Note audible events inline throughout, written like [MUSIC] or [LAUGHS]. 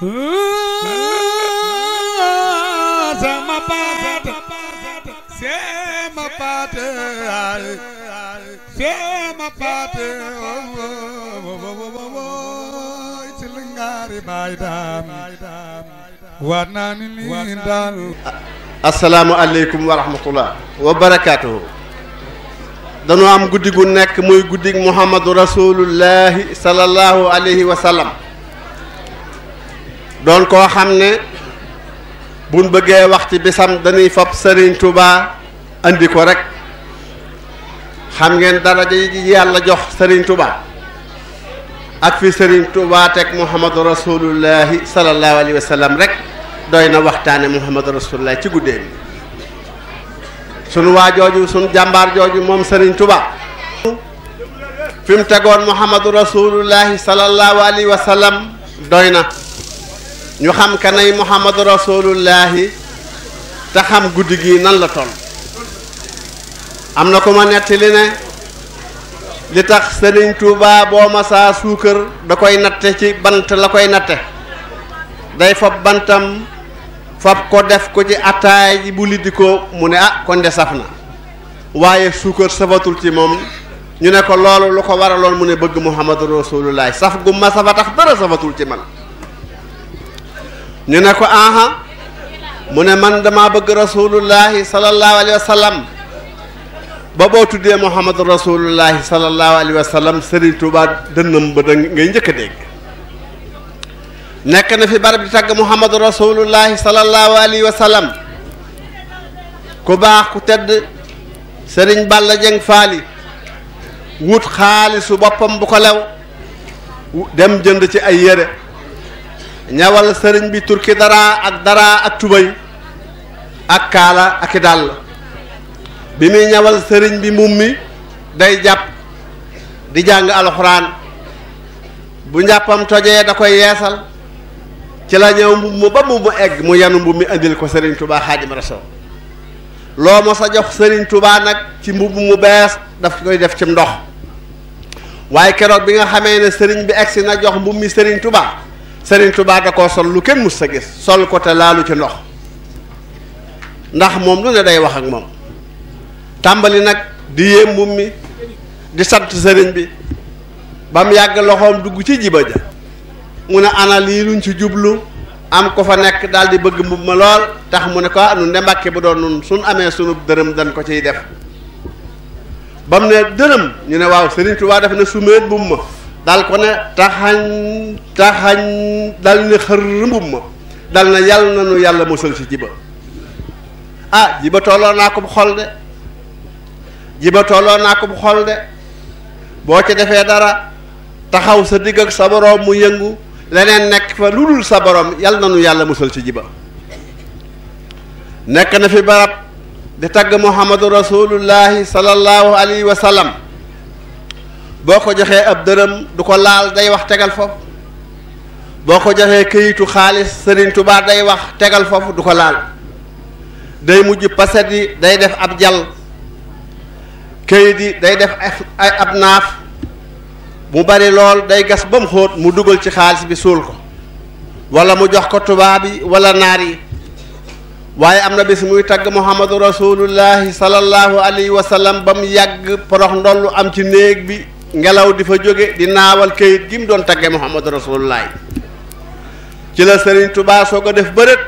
sama paat sama paat sama paat assalaamu aleykum wa wa barakaatuhu dañu am guddi gu nekk muy guddi muhammadu rasulullahi sallallahu alayhi wa doon koo xam ne buñ bëggee wax ci bisam dañuy fab sëriñ tubaa andi ko rek xam ngeen daraja yi yàlla jox sëriñ tubaa ak fi Serigne Touba teg Mouhamadou Rasulullahi sallallahu alayhi wa sallam rek doy na waxtaane Mouhamadou Rasulullah ci guddee bi sunu waa jooju sunu jàmbaar jooju moom sëriñ tubaa fi mu tegoon Mouhamadou Rasulullahi sallallahu alayhi wa sallam doy na. ñu xam kanay muhammadu rasulullahi te xam guddi gii nan la toll am na ku ma nettali ne li tax sëriñ Tuuba boo masaa suukar da koy natte ci bant la koy natte day fab bantam fab ko def ko ci attaay ji bu liddi ko mu ne ah kon de saf na waaye suukar safatul ci moom ñu ne ko loolu lu ko waraloon mu ne bëgg muhammadu rasulullahi saf gu ma safa tax dara safatul ci man ñu ne ko aha mu ne man dama bëgg rasulullahi sallallahu alayhi ba boo tuddee muhammadu rasulullahi sallallahu alayhi wa sallam Serigne Touba dënnam ba da ngay njëkk a dégg nekk na fi barab di tagg muhammadu rasulullahi sallallahu alayhi wa sallam ku baax ku tedd sëriñ Balla Dieng Faali wut xaalisu boppam bu ko lew dem jënd ci ay yére ñawal sëriñ bi turki dara ak dara ak tubay ak kala ak dal bi mi ñawal sëriñ bi mummi day japp di jang alquran bu ñappam toje da koy yeesal ci la ñew mu ba mu mu egg mu yanu mbub mi andil ko sëriñ tubaa xaajim rasul lo mo sa jox sëriñ tubaa nak ci mbub mu bes daf koy def ci ndox waye kérok bi nga xamé né sëriñ bi jox sëriñ sëriñ Touba da koo sol lu kenn mus sa gis sol ko te laalu ci ndox ndax moom lu ne day wax ak moom tàmbali nag di yéem mbubb mi di sant sëriñ bi ba mu yàgg loxoom dugg ci jiba ja mu ne ana lii luñ ci jublu am ko fa nekk daal di bëgg mbubb ma lool tax mu ne ko ah, nun de mbàkke bu doon nun amee sunu dërëm dañ ko ciy def ba mu ne dërëm ñu ne waaw Serigne Touba def na sumeet mbubb ma dal ko ne taxañ taxañ dal ne xër mbub ma dal na yàlla na nu yàlla mosal ci jiba ah jiba tolloo naa ko bu xol de jiba tolloo naa ko bu xol de boo ci defee dara taxaw sa digg ak sa boroom mu yëngu leneen nekk fa lu dul sa boroom yàlla na nu yàlla mosal ci jiba nekk na fi barab di tagg muhammadu rasulullahi sallallahu alayhi wa sallam boo ko joxee ab dërëm du ko laal day wax tegal foofu boo ko joxee këyitu xaalis Sëriñ Tuubaa day wax tegal foofu du ko laal day mujj paset yi day def ab jàll këyit yi day def ay ab naaf mu bari lool day gas ba mu xóot mu dugal ci xaalis bi suul ko wala mu jox ko tubaab yi wala naar yi waaye am na bis muy tagg muhammadu rasulullahi sallallahu alayhi wa sallam ba mu yàgg porox ndollu am ci néeg bi ngelaw di fa jóge di naawal kayit gi mu doon tagge muhammad rasulullah ci la sëriñ tubaa soo ko def bërët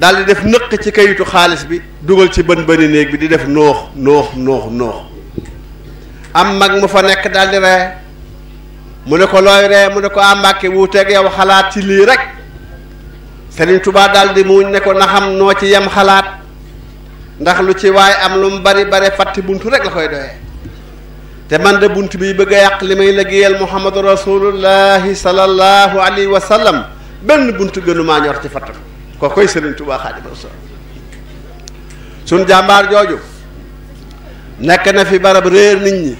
daldi def nëq ci kayitu xaalis bi dugal ci bën bëni néeg bi di def noox noox noox noox am mag mu fa nekk daldi ree mu ne ko looy ree mu ne ko àmbàkke ah, wuuteeg yow xalaat ci lii rek sëriñ tubaa daldi muuñ ne ko na noo ci yem xalaat ndax lu ci waaye am lu mu bari bari fàtti buntu rek la koy doyee te man de bunt bi bëgg a yàq li may liggéeyal muhammadu rasulullahi sallallahu alayhi wa sallam benn bunt gënumaa ñor ci fatt ko koy sëriñ Tuubaa Xaadimu Rasuul suñ jàmbaar jooju nekk na fi barab réer nit ñi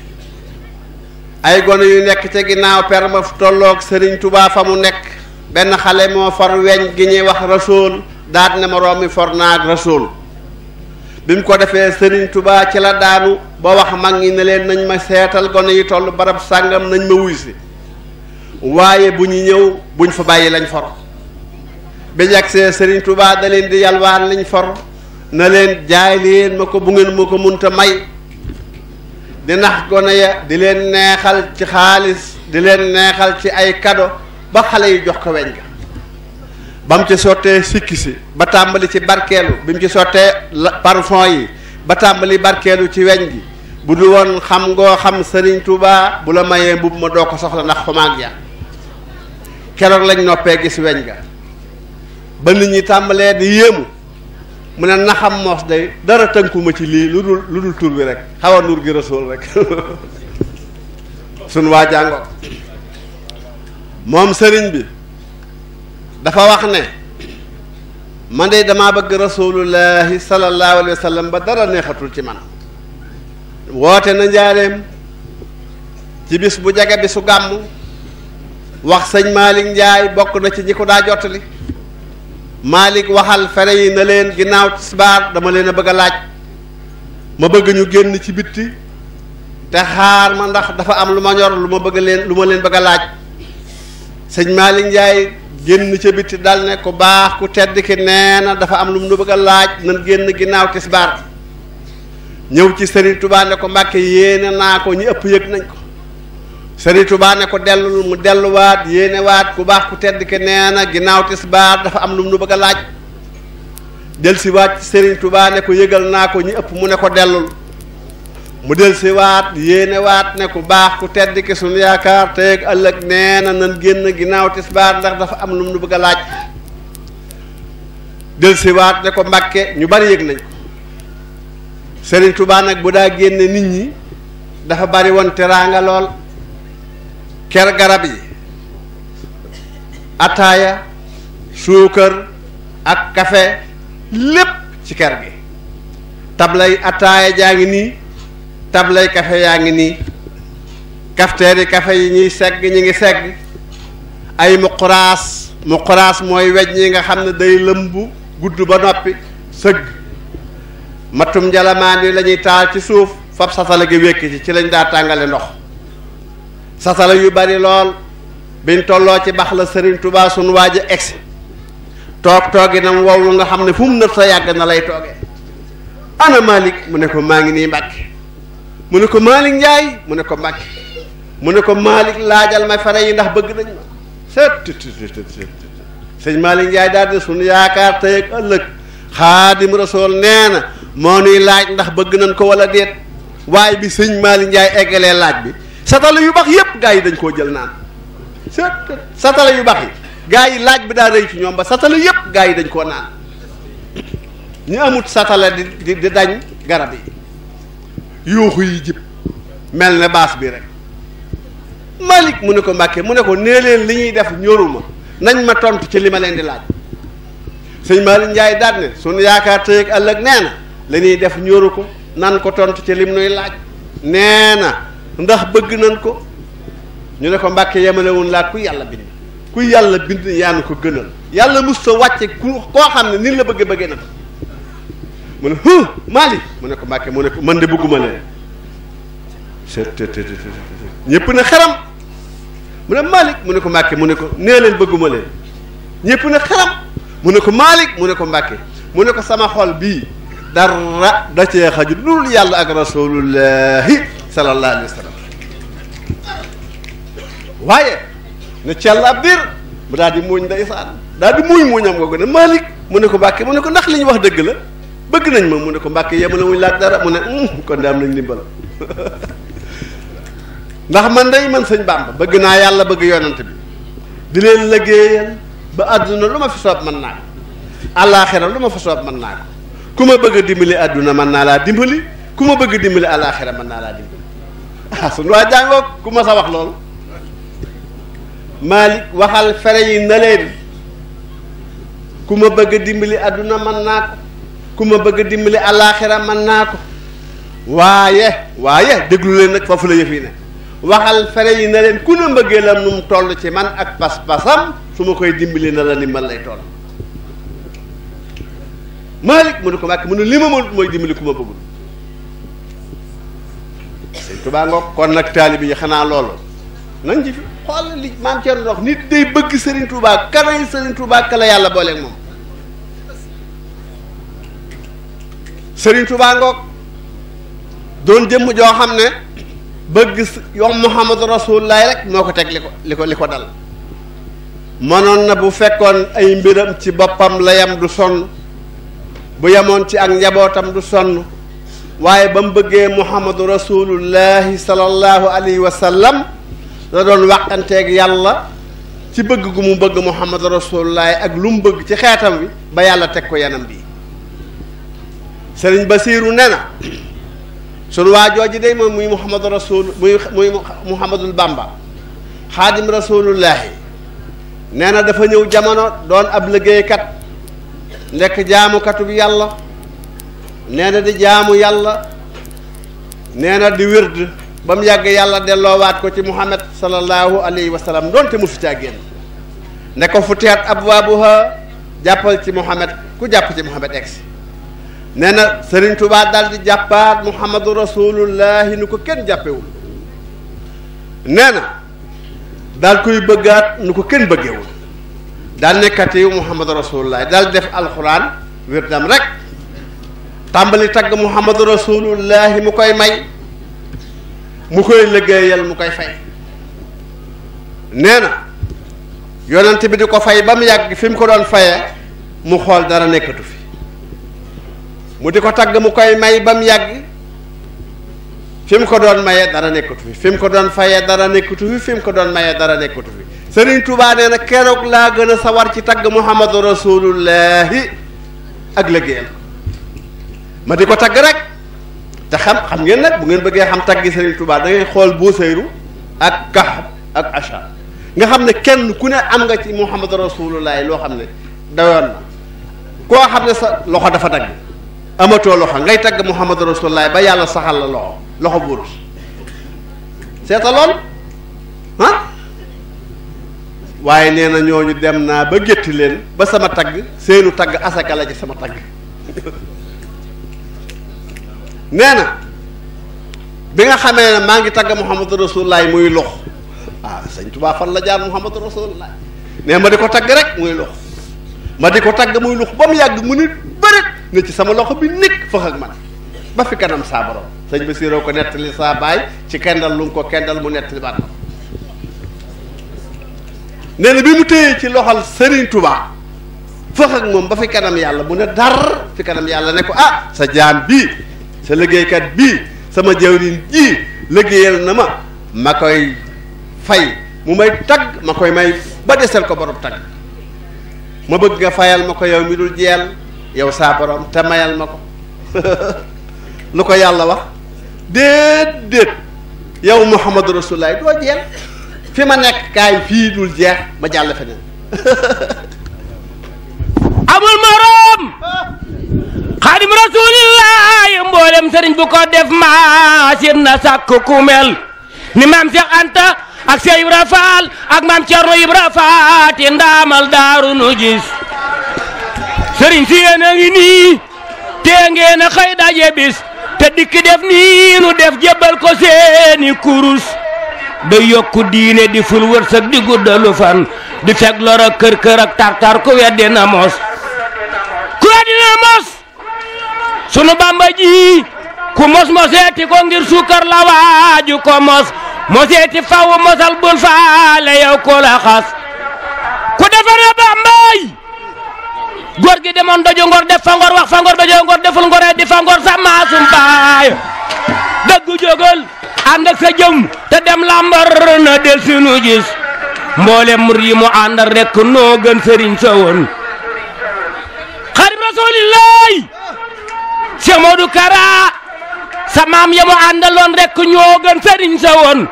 ay gone yu nekk ci ginnaaw per ma tolloog sëriñ Tuubaa fa mu nekk benn xale moo for weñ gi ñuy wax rasul daat ne moroom mi for naag rasul bi mu ko defee Serigne tubaa ci la daanu ba wax mag ñi ne leen nañ ma seetal gone yi toll barab sàngam nañ ma wuy si waaye bu ñu ñëw buñ fa bàyyi lañ for bi jagsee Serigne tubaa daleen di yalwaan liñ for na leen jaay leen ma ko bu ngeen ma ko munta may di nax gone ya di leen neexal ci xaalis di leen neexal ci ay kado ba xale yi jox ko weñ ga ba mu ci sottee sikki si ba tàmbali ci barkeelu bi mu ci sottee parfum yi ba tàmbali barkeelu ci weñ gi bu du woon xam ngoo xam sëriñ Touba bu la mayee mbubb ma doo ko soxla ndax xumaag ya keroog lañ noppee gis weñ ga ba nit ñi tàmbalee di yéemu mu ne naxam moos day dara tënkuma ci lii lu dul lu dul tur bi rek xaw a nuur gi rasool rek [LAUGHS] sun waa jàngo moom sëriñ bi dafa wax ne man de damaa bëgg rasulullahi sallallahu alayhi wa ba dara neexatul ci man woote na njaaleem ci bis bu jege bi su gàmm wax sëñ Malick njaay bokk na ci ñi ko daa jottali Malick waxal fere yi na leen ginnaaw tisbaar dama leen a bëgg a laaj ma bëgg ñu génn ci bitti te xaar ma ndax dafa am lu ma ñor lu ma bëgg leen lu ma leen bëgg a laaj sëñ Malick njaay génn ca biti dal ne ku baax ku tedd ki nee na dafa am lu mu nu bëgg a laaj nan génn ginnaaw tisbaar ñëw ci Serigne Touba ne ko Mbàkke yéene naa ko ñu ëpp yëg nañ ko Serigne Touba ne ko dellul mu delluwaat yéenewaat ku baax ku tedd ki nee na ginnaaw tisbaar dafa am lu mu nu bëgg a laaj del si waat ci Serigne Touba ne ko yëgal naa ko ñu ëpp mu ne ko dellul mu del si waat yéene ne ku baax ku tedd ki suñu yaakaar tey ak ëllëg nee na nan génn ginnaaw tisbaar ndax dafa am lu mu bëgg a laaj del ne ko mbàkke ñu bari yëg nañ ko Sëriñ Tuubaa bu daa génne nit ñi dafa bari woon teraanga lool ker garab yi ataaya suukar ak kafe lépp ci ker gi tablay ataaya jaa ngi nii tablay café yaa ngi nii kafteeri café yi ñuy segg ñi ngi segg ay muquraas muquraas mooy wej ñi nga xam ne day lëmbu gudd ba noppi sëgg matum njalamaan yi la ñuy taal ci suuf fab satala gi wékk ci ci lañ daa tàngale ndox satala yu bari lool biñ tolloo ci bax la sëriñ tubaa suñ waaj a egsi toog toogi nam wow nga xam ne fu mu nëf sa yàgg na lay toogee ana malik mu ne ko maa ngi nii mu ne ko Malick Ndiaye mu ne ko Mbacke mu ne ko Malick laajal ma fare yi ndax bëgg nañ ma sët sëñ Malick Ndiaye daal di suñu yaakaar tey ak ëllëg xaadim rasool nee na moo nuy laaj ndax bëgg nañ ko wala déet waaye bi sëñ Malick Ndiaye eggalee laaj bi satala yu baax yépp gaa yi dañ koo jël naan sët satala yu baax yi gaa yi laaj bi daa rëy ci ñoom ba satala yépp gaa yi dañ koo naan ñu amut satala di di dañ garab yi yuuxu yi jib mel ne baas bi rek malik mu ne ko Mbàkke mu ne ko nee leen li ñuy def ma nañ ma tontu ci li ma leen di laaj sëñ Malick Ndiaye daal ne suñu yaakaar tey ëllëg nee na li ñuy def ñoru ko nan ko tontu ci lim nuy laaj nee na ndax bëgg nañ ko ñu ne ko Mbàkke yemale woon laaj ku yàlla bind ku yàlla bind yaa nu ko gënal yàlla mus sa wàcce ku koo xam ne ni la bëgg bëggee na mu ne hu Malick mu ne ko Mbàkke mu ne ko man de bëgguma leen ñëpp ne xaram mu ne Malick mu ne ko Mbàkke mu ne ko nee leen bëgguma leen mu ne ko Malick mu ne Mbàkke mu ne sama xol bii dara da cee xaju loolu yàlla ak rasulullahi sallallahu alayhi wa sallam waaye ne cell ab biir mu daal di muuñ ndeysaan daal di muuñ muuñam googu ne Malick mu ne ko Mbàkke mu ne ko ndax li ñu wax dëgg la bëgg nañ ma mu ne ko mbàkke yemale wuñ laaj dara mu ne hmm, kon de am nañ ndimbal [LAUGHS] ndax man day man sëñ Bàmba bëgg naa yàlla bëgg yonent bi di leen liggéeyal ba àdduna lu ma fi soob mën naa ko àllaaxira lu ma fa soob naa ko ku ma bëgg dimbali àdduna mën naa laa dimbali ku ma bëgg a dimbali àllaaxira mën naa laa dimbali [LAUGHS] ah waa jàngoo ku ma sa wax loolu Malick waxal fere yi na leen ku ma bëgg dimbali àdduna man naa ko ku ma bëgg a dimbali àllaaxira man naa ko waaye waaye déglu leen nag foofu la yëf yi ne waxal fere yi na leen ku ne mbëggeelam nu mu toll ci man ak pas-pasam su ma koy dimbali na la ni man lay toll Malick mu ne ko Mbàkke mu ne li ma mënut mooy dimbali ku ma bëggul Sëñ Tuubaa ngoog kon nag taalibe yi xanaa loolu nañ ci fi xool li maam Thierno wax nit day bëgg Serigne Touba kanay Serigne Touba kala yàlla booleeg moom. Serigne Touba ngoog doon jëmm joo xam ne bëgg yom Muhammadu Rasulullah rek moo ko teg li ko li ko li ko dal mënoon na bu fekkoon ay mbiram ci boppam la yam du sonn bu yamoon ci ak njabootam du sonn waaye ba mu bëggee Muhammadu Rasulullahi sallallahu alayhi wa sallam la doon waxanteeg yàlla ci bëgg gu mu bëgg Muhammadu Rasulullahi ak lu mu bëgg ci xeetam wi ba yàlla teg ko yanam bi sëriñ Basiiru nee na sunu waa jooju day moom muy Muhammadu Rasul muy muy Muhammadul bàmba xaadim rasulullahi nee na dafa ñëw jamono doon ab liggéeykat nekk jaamukatub yàlla nee na di jaamu yàlla nee na di wérd ba mu yàgg yàlla delloowaat ko ci Muhammad sallallahu alayhi wa sallam doonte mu fi caa génn ne ko fu teet abwaabuha jàppal ci Muhammad ku jàpp ci Muhammad egsi nee na Serigne Touba daal di jàppaat Muhammadu Rasulullahi nu ko kenn jàppewul nee na daal bëggaat nu ko kenn bëggewul daal nekkati Muhammadu Rasulullahi daal def alxuraan wirdam rek tàmbali tagg Muhammadu Rasulullahi mu koy may mu koy liggéeyal mu koy fay nee na yonent bi di ko fay ba mu yàgg fi mu ko doon fayee mu xool dara nekkatu fi. mu di ko tagg mu koy may ba mu yàgg fi mu ko doon mayee dara nekkatu fi fi mu ko doon fayee dara nekkatu fi fi ko doon mayee dara nekkatu fi Sëriñ Tuubaa nee na keroog laa gën a sawar ci tagg Muhammadu Rasulullahi ak liggéeyam ma di ko tagg rek te xam xam ngeen nag bu ngeen bëggee xam taggi Sëriñ Tuubaa da xool Buusayru ak Kahf ak Ashar nga xam ne kenn ku ne am nga ci Muhammadu Rasulullahi loo xam ne dayoon na koo xam ne sa loxo dafa dagg amatoo loxo ngay tagg muhammadu rasulullah ba yàlla saxal la loxo loxo buurus seeta lool waaye nee na ñooñu dem naa ba gétti leen ba sama tagg seenu tagg asaka la ci sama tagg [LAUGHS] nee na bi nga xamee ne maa ngi tagg muhammadu rasulullah muy lox ah sëñ Tuubaa fan la jaar muhammadu rasulullah nee ma di ko tagg rek muy lox ma di ko tagg muy lox ba mu yàgg mu nit bërit ne ci sama loxo bi nekk fax ak man ba fi kanam saa borom sëñ bi siroo ko nettali saa baay ci kendal lu mu ko kendal mu nettali baat ma nee na bi mu téyee ci loxol Serigne Touba fax ak moom ba fi kanam yàlla bu ne dar fi kanam yàlla ne ko ah sa jaam bii sa liggéeykat bii sama jawriñ ji liggéeyal na ma ma koy fay mu may tagg ma koy may ba desel ko borom tagg ma bëgg nga fayal ma ko yow mi dul jeel yow saa borom te mayal ma ko [LAUGHS] lu ko yàlla wax déet déet yow Muhammadu Rasulullah doo jeel fi ma nekk kaay fii dul jeex ma jàll feneen [LAUGHS] amul moroom xaadim rasulillahi mboolem sëriñ bu ko def maa seen na sàkk ku ni maam Cheikh Anta ak Cheikh Ibra Fall ak maam Thierno Ibra Faati ndaamal daaru nu gis Sering si yéen ini ngi nii tee ngeen a te dikk def ni nu def jebal ko seeni kurus da yokku diine di ful wërsëg di guddalu fan di fek lor ak kër ak tartar ku weddi ya na mos ku weddi ya na mos sunu bamba ji ku mos moseeti ya ko ngir sukar la waju ko mos mosal bul faale yow ko la khas ku bambay góor gi demoon doju ngor def fa ngor wax fa ngor dojoo ngor deful ngoree di fa ngor sa maasum baay dëggu jógal ànd sa jëm te dem làmbar na del si nu gis mboolem mur yi mu àndal rek noo gën sëriñ sa woon xarit rasulillaay Cheikh Modou Kara sa maam ya mu àndaloon rek ñoo gën sëriñ sa woon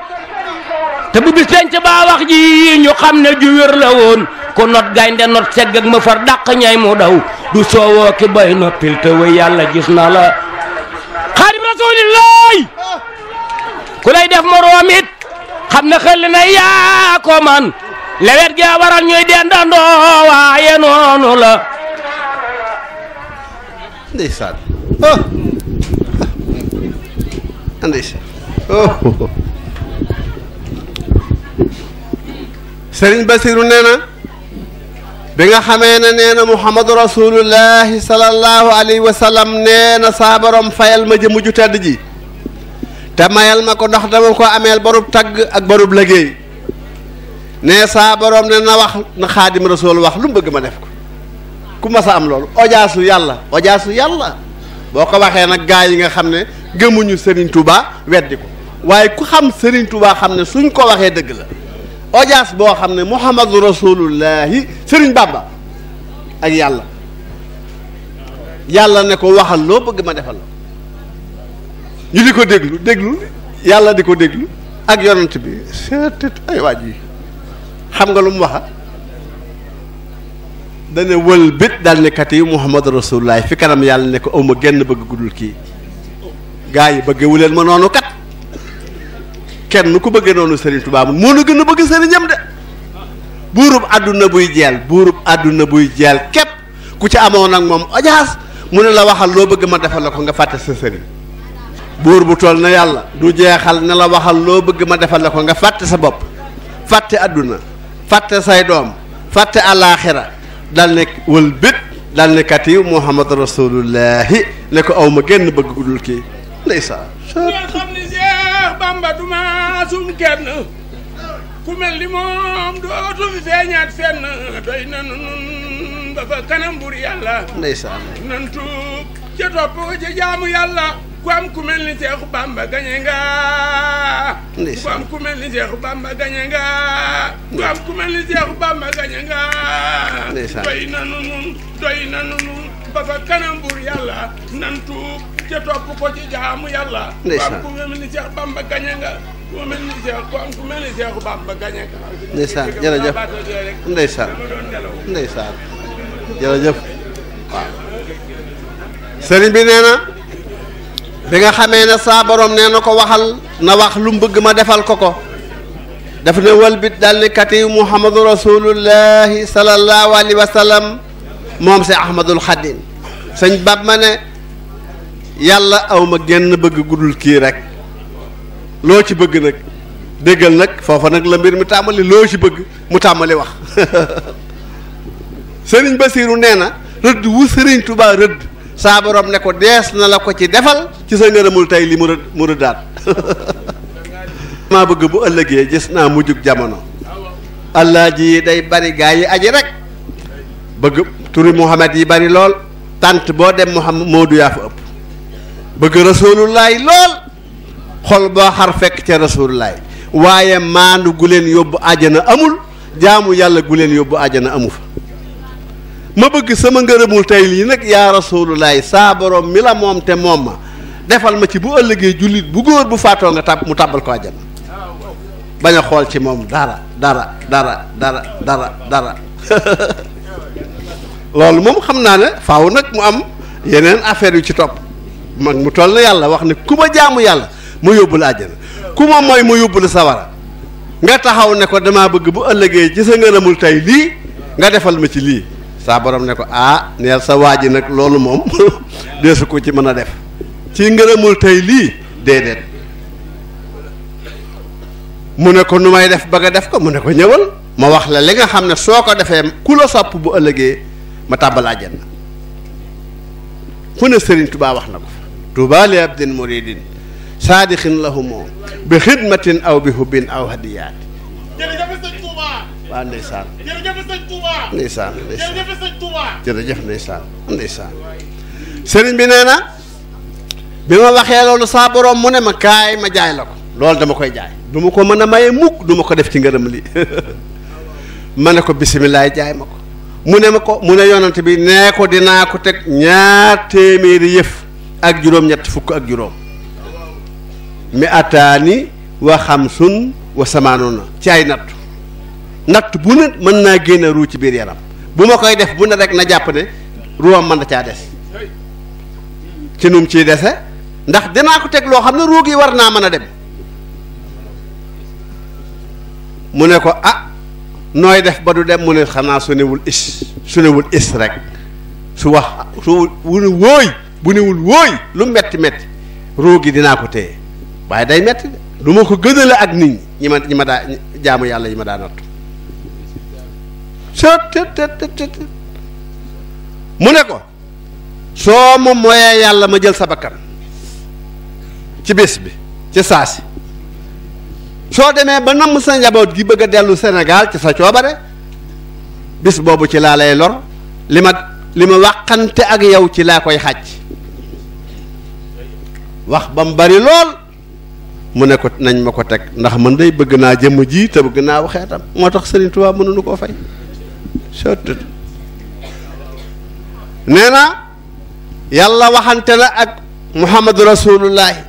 te bu bis penc baa wax ji ñu xam ne ju wér la woon ku not gaynde not segg ak ma far ñay mu daw du soowoo ki bay noppil te wéy yàlla gis na la xaadim rasulillaay ku lay def moroom it xam na xëll na yaa man lewet gi waral ñuy dendandoo waaye noonu la Sëriñ oh. oh. Basiru nee na bi nga xamee ne nee na muhammadu rasulullahi sallallahu alayhi wa sallam nee na saabaroom borom fayal ma jëmm ju tedd ji te mayal ma ko ndax dama ko amee barub tagg ak barub liggéey ne saabaroom borom ne na wax na xaadim rasul wax lu mu bëgg ma def ko ku mas a am loolu ojaasu yàlla ojaasu yàlla boo ko waxee nag gaa yi nga xam ne gëmuñu Serigne Touba weddi ko waaye ku xam Serigne Touba xam ne suñ ko waxee dëgg la audience boo xam ne muhammadu rasulullahi sëriñ bàmba ak yàlla yàlla ne ko waxal loo bëgg ma defal la ñu di ko déglu déglu yàlla di ko déglu ak yonent bi seetet ay waaj yi xam nga lu mu waxa dana wël bit daal ne kat yi muhammadu rasulullahi fi kanam yàlla ne ko awma genn bëgg guddul kii gaa yi bëggewuleen ma noonu kat kenn ku bëggee noonu Serigne Touba moo na gën a bëgg sëriñam de buurub àdduna buy jeel buurub àdduna buy jeel képp ku ci amoon nag moom ojaas mu ne la waxal loo bëgg ma defal la ko nga fàtte sa sëriñ buur bu toll na yàlla du jeexal ne la waxal loo bëgg ma defal la ko nga fàtte sa bopp fàtte àdduna fàtte say doom fàtte alaaxira dal ne wël bit dal ne kat yi Muhammad rasulullahi ne ko aw ma génn bëgg gudul kii ndeysaan. Cheikh maasum kenn ku mel ni moom dootu fi feeñaat fenn doy na nun ba fa kanam yàlla nan tuub ca topp ko jaamu yàlla ku am ku mel ni Seexu Bamba gañe nga ku ni Seexu Bamba gañe nga ku ni Seexu Bamba gañe nga doy na nun doy na nun ba fa kanam yàlla nan tuub te topp ko ci jaamu yàlla. ndeysaan ku mel ni Cheikh Bamba gañe nga. ku mel ni Cheikh ku am ku mel ni Cheikh Bamba gañe nga. ndeysaan jërëjëf ndeysaan ndeysaan jërëjëf waaw. sëriñ bi nee na. bi nga xamee ne saa borom nee na ko waxal. na wax lu mu bëgg ma defal ko ko. daf ne walbit daal ne kati Muhammadu rasulullahi sallallahu alayhi wa sallam moom si Ahmadul Xadim sëñ Bab ma ne. yàlla awma genn bëgg guddul kii rek loo ci bëgg nag déggal nag foofa nag la mbir mi tàmbali loo ci bëgg mu tàmbali wax [LAUGHS] sëriñ Basiiru nee na rëdd wu sëriñ tubaa rëdd saa ne ko dees na la ko ci defal ci sa ngërëmul tey li mu rëdd mu rëddaat [LAUGHS] maa bëgg bu ëllëgee gis naa mujjug jamono allah ji day bari gaa yi aji rek bëgg turi Muhammad yi bari lool tànt boo dem Muhammad moo du yaa fa ëpp bëgg rasulullaay lool xol boo xar fekk ca rasulullaay waaye maandu gu leen yóbbu àjjana amul jaamu yàlla gu leen yóbbu àjjana amu fa ma bëgg sama ngërëmul tey lii nag yaa rasulullaay saa mi la moom te moom ma defal ma ci bu ëllëgee jullit bu góor bu faatoo nga tàbb mu tàbbal ko àjjana bañ a xool ci moom dara dara dara dara dara dara [LAUGHS] loolu moom xam naa ne faaw nag mu am yeneen affaire yu ci topp mag mu toll na yàlla wax ne ku ma jaamu yàlla mu yóbbu la àjjana ku ma mooy ma yóbbule la sawara nga taxaw ne ko damaa bëgg bu ëllëgee ci sa ngërëmul tey lii nga defal ma ci lii saa borom ne ko ah neel sa waa ji nag loolu moom [LAUGHS] deesu ko ci mën a def ci ngërëmul tey lii déedéet mu ne ko nu may def ba nga def ko mu ne ko ñëwal ma wax la li nga xam ne soo ko defee ku la sopp bu ëllëgee ma tàbbal àjjana fu ne Sëriñ Tuubaa wax na ko tuuba li abdin muridin saadixin lahumoo bi xidmatin aw bi hubbin aw hadiyaati jërëjëf sëñ Touba sëriñ bi nee bi ma waxee loolu saa borom mu ne ma kaay ma jaay la ko loolu dama koy jaay du ma ko mën a maye mukk du ma ko def ci ngërëm li [LAUGHS] ma ne ko bisimilaay jaay ma ko mu ne ma ko mu ne yonante bi nee ko dinaa ko teg ñaar téeméeri yëf ak juróom-ñett fukk ak juróom mi ataani wa xamsun wa samaanoona ci ay natt natt bu ne mën naa génn ruu ci biir yaram bu ma koy def mu ne rek na jàpp ne mën na caa des ci num ciy dese ndax dinaa ko teg loo xam ne ruu gi war naa mën a dem mu ne ko ah nooy def ba du dem mu ne xanaa su newul is su is rek su wax su wu wóoy bu newul wooy lu metti metti roo gi dinaa ko téye waaye day metti de lu ko gënale ak nit ñi ñi ma ñi daa jaamu yàlla yi ma daa nattu sëtt mu ne ko soo ma yàlla ma jël sa bakkan ci bés bi ci saasi soo demee ba namm sa njaboot gi bëgg a dellu senegaal ci sa coobare bis boobu ci laa lay lor li ma li ma waxante ak yow ci laa koy xàcc wax ba mu bari lool mu ne ko nañ ma ko teg ndax man day bëgg naa jëmm ji te bëgg naa waxeetam moo tax Serigne Touba mënuñu koo fay surtout nee na yàlla waxante na ak Muhammadu Rasulullahi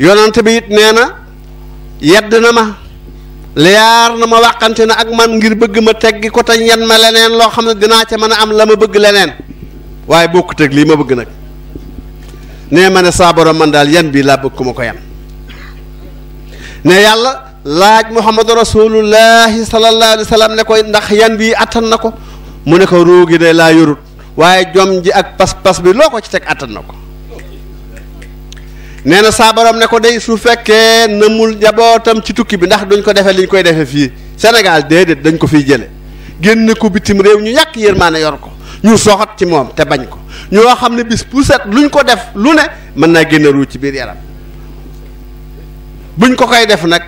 yonante bi nee na yedd na ma liyaar na ma waqante na ak man ngir bëgg ma teggi ko te ñan ma leneen loo xam ne dinaa ca mën a am la ma bëgg leneen waaye bokkut ak lii ma bëgg nag. ne ma ne saa man daal yan bii laa bëgg ku ma ko yan ne yàlla laaj muhammadu rasulullahi sallallahu alayhi wa sallam ne ko ndax yan bii attan na ko mu ne ko ruugi day laa yorut waaye jom ji ak pas-pas bi loo ko ci teg attan na ko nee na saa borom ne ko day su fekkee nëmul njabootam ci tukki bi ndax duñ ko defee liñ koy defee fii Sénégal déedéet dañ ko fiy jële génn ko bitim réew ñu yàq yërmaane yor ko ñu soxat ci moom te bañ ko ñoo xam ne bis bu set ñu ko def lu ne mën naa génn ruu ci biir yaram buñ ko koy def nag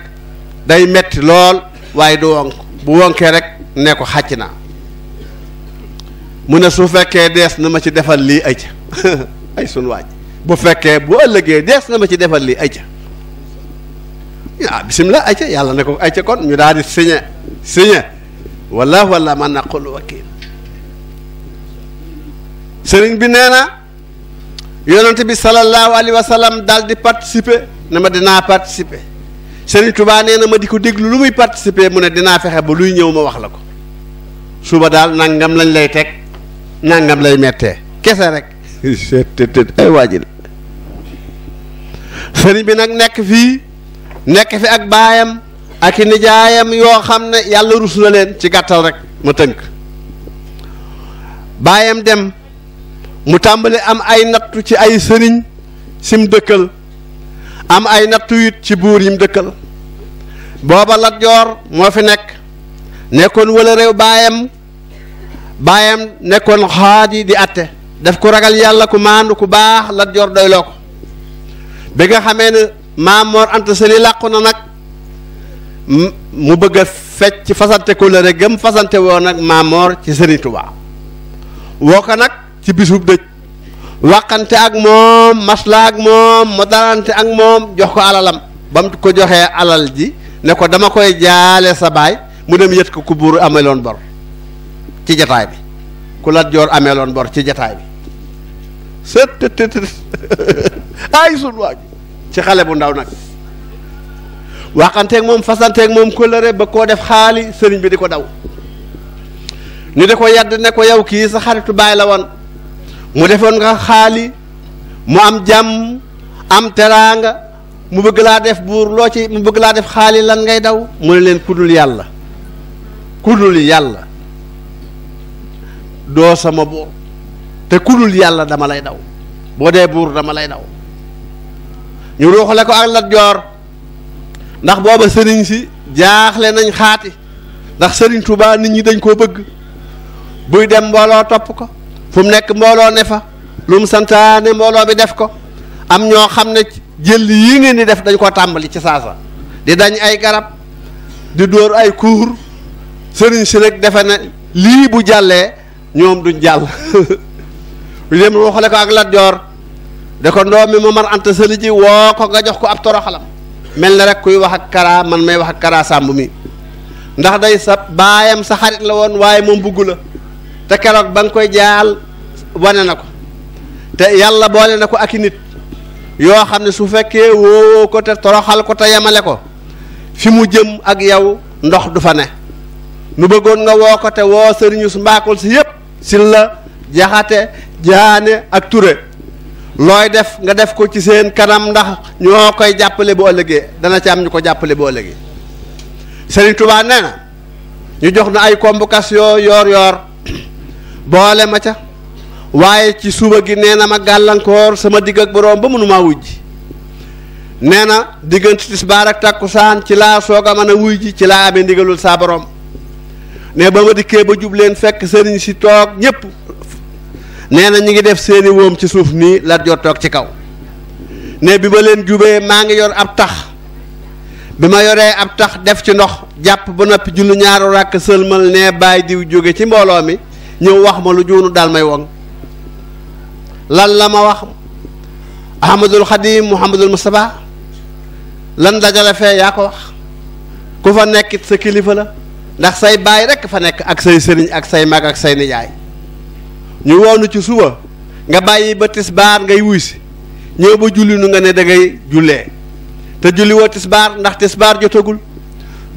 day metti lool waaye du wonk bu wonkee rek ne ko xàcc naa mu ne su fekkee dees na ma ci defal lii ay ca [LAUGHS] ay sunu waaj bu fekkee bu ëllëgee dees na ma ci defal lii ay ca ah bisimilah ay ca yàlla ne ko ay ca kon ñu daal di signé signé walla walla man naqulu wakil sëriñ bi nee na yonent bi sallallahu alayhi wa sallam daal di participer ne ma dinaa participer sëriñ Touba nee na ma di ko déglu lu muy participer mu ne dinaa fexe ba luy ñëw ma wax la ko suba daal nangam lañ lay teg nangam lay mettee kese rek. [LAUGHS] ay waajil sëriñ bi nag nekk fii nekk fi ak baayam ak i nijaayam yoo xam ne yàlla rus na leen ci gàttal rek ma tënk baayam dem. mu tàmbali am ay nattu ci ay sëriñ sim dëkkal am ay nattu ci buur yim dëkkal booba Lat Joor moo fi nekk nekkoon wala réew baayam baayam nekkoon xaadi di atte def ko ragal yàlla ku maandu ku baax Lat Joor doyloo ko bi nga xamee ne Maam ant Anta Sali làqu na nag mu bëgg a fecc fasante ko la rek gëm fasante woon nag Maam ci Sëriñ Tuubaa woo ko nag ci bisub dëj waxante ak moom masla ak moom modalante ak moom jox ko alalam ba mu ko joxee alal ji ne ko dama koy jaale sa baay mu dem yët ko ku buur ameloon bor ci jataay bi ku Lat Joor ameloon bor ci jataay bi sët [LAUGHS] ay sun waa ci xale bu ndaw nag waxanteeg moom fasanteeg moom kóllëre ba koo def xaali sëriñ bi di ko daw ñu di ko yàdd ne ko yow kii sa xaritu baay la woon mu defoon nga xaali mu am jàmm am teraanga mu bëgg laa def buur loo ci mu bëgg laa def xaali lan ngay daw mu ne leen kudul yàlla kudul yàlla doo sama buur te kudul yàlla dama lay daw boo dee buur dama lay daw ñu ruuxale ko ak Lat ndax booba sëriñ si jaaxle nañ xaati ndax sëriñ Tuubaa nit ñi dañ koo bëgg buy dem mbooloo topp ko fu nekk mbooloo ne fa lu mu santaane mbooloo bi def ko am ñoo xam ne jël yii ngeen di def dañ koo tàmbali ci saasa di dañ ay garab di dóor ay kuur sëriñ si rek defe ne lii bu jàllee ñoom duñ jàll lu [LAUGHS] dem waxale ko ak Lat Joor da ko ndoom mi Momar Anta Sali ji woo ko nga jox ko ab toroxalam mel na rek kuy wax ak Kara man may wax ak karaa Samb mi ndax day sa baayam sa xarit la woon waaye moom bugg la te keroog ba nga koy jaal wane na ko te yàlla boole na ko ak i nit yoo xam ne su fekkee woowoo ko te toroxal ko te yemale ko fi mu jëm ak yow ndox du fa ne nu bëggoon nga woo ko te woo sëriñu su mbaakul si yépp si la jaxate jaane ak ture looy def nga def ko ci seen kanam ndax ñoo koy jàppale bu ëllëgee dana ci am ñu ko jàppale bu ëllëgee Sëriñ Tuubaa nee na ñu jox na ay convocation yoor yoor boole ma ca waye ci suba gi neena ma galankor sama digg ak borom ba munuma wujj neena na diggante tisbaar ak ci la soga mana wujj ci la amee digalul sa borom ne ba ma dikkee ba jub leen fekk sëriñ ci tok neena ñi ngi def seeni wóom ci suuf ni la jot tok ci kaw ne bi ma leen jubé ma ngi yor ab tax bima yoré ab tax def ci nox japp bu nopi jullu ñaaru rak seulmal ne bay diw ci mbolo mi wax ma lu joonu dal may wong lan la ma wax ahmadul xadim muhammadul mustapha lan dajale fee yaa ko wax ku fa nekkit sa kilifa la ndax say baay rekk fa nekk ak say sëriñ ak say mag ak say nijaay ñu woonu ci suba nga bàyyi ba tisbaar ngay wuy si ñëw ba julli nu nga ne da jullee te julli woo tisbaar ndax tisbaar jotagul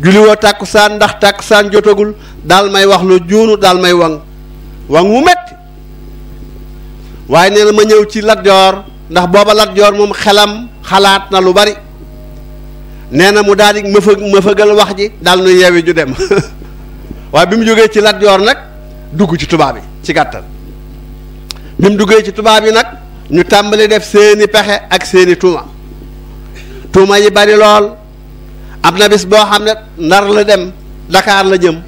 julli woo tàkkusaan ndax tàkkusaan jotagul daal may wax lu juunu daal may wan waŋ mu metti waaye nee na ma ñëw ci Lat jor ndax booba Lat jor moom xelam xalaat na lu bari nee na mu daal di ma fa ma fëgal wax ji daal nu yewi ju dem [LAUGHS] waaye bi mu jógee ci Lat jor nag dugg ci tubaab bi ci gàttal bi mu duggee ci tubaab bi nag ñu tàmbali def seeni pexe ak seeni tuuma tuuma yi bari lool am na bis boo xam ne la dem Dakar la jëm